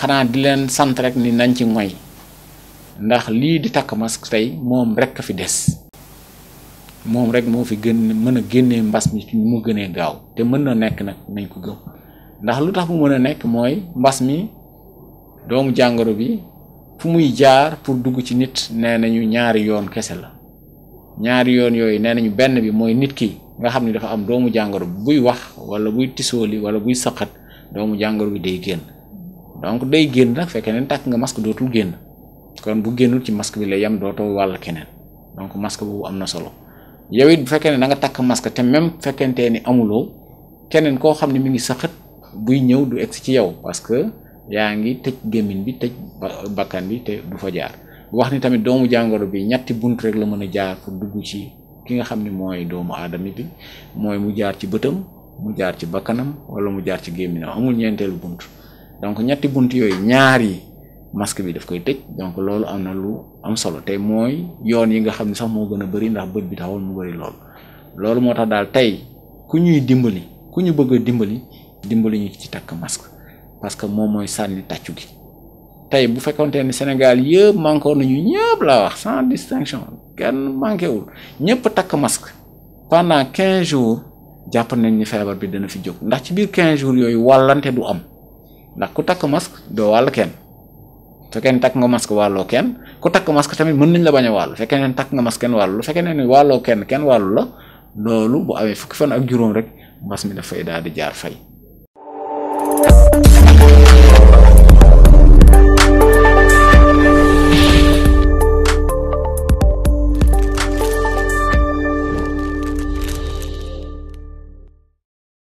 xanaa di leen sant rek ni nañ ci moy ndax lii di takk masque tey moom rek fi des moom rek moo fi gën mën a génnee mbas mi ci mu gënee gaaw te mën na nekk nag nañ ko gëm ndax lu tax mu mën a nekk mooy mbas mi doomu jàngoro bi fu muy jaar pour dugg ci nit nee nañu ñaari yoon kese la ñaari yoon yooyu nee nañu benn bi mooy nit ki nga xam ni dafa am doomu jàngoro buy wax wala buy tisooli wala buy saqat doomu jàngoro bi day génn donc day génn nag fekk ne tàkk nga masque dootul génn kon bu génnul ci masque bi lay yam dootoo wàll keneen donc masque boobu am na solo yow it bu fekkee ne da nga takk masque te même fekkentee ni amuloo keneen koo xam ne mi ngi saxat buy ñëw du egg ci yow parce que yaa ngi tëj bi tëj bakkan bi te du fa jaar wax ni tamit doomu jàngoro bi ñetti bunt rek la mën a jaar pour dugg ci ki nga xam ne mooy doomu aadama bi mooy mu jaar ci bëtam mu jaar ci bakkanam wala mu jaar ci gémminam amul ñeenteelu bunt donc ñetti bunt yooyu ñaar yi masque bi daf koy tëj donc loolu am na lu am solo tey mooy yoon yi nga xam ne sax moo gën a bëri ndax bët bi taxawul mu bëri lool loolu moo tax daal tey ku ñuy dimbali ku ñu bëgg a dimbali dimbali ñu ci takk masque parce que moom mooy sànni tàccu gi tey bu fekkonte ne Sénégal yëpp manqué nañu ñëpp laa wax sans distinction kenn manqué wul ñëpp takk masque pendant quinze jours jàpp nañ ni feebar bi dana fi jóg ndax ci biir quinze jours yooyu wàllante du am. ndax ku takk masque doo wàll kenn su fekkee ne takk nga masque wàlloo kenn ku takk masque tamit mën nañ la bañ a wàll fekkee ne takk nga masque kenn wàllu la fekkee ne wàlloo kenn kenn wàllu la loolu bu amee fukki fan ak juróom rek mbas mi dafay daal di jaar fay.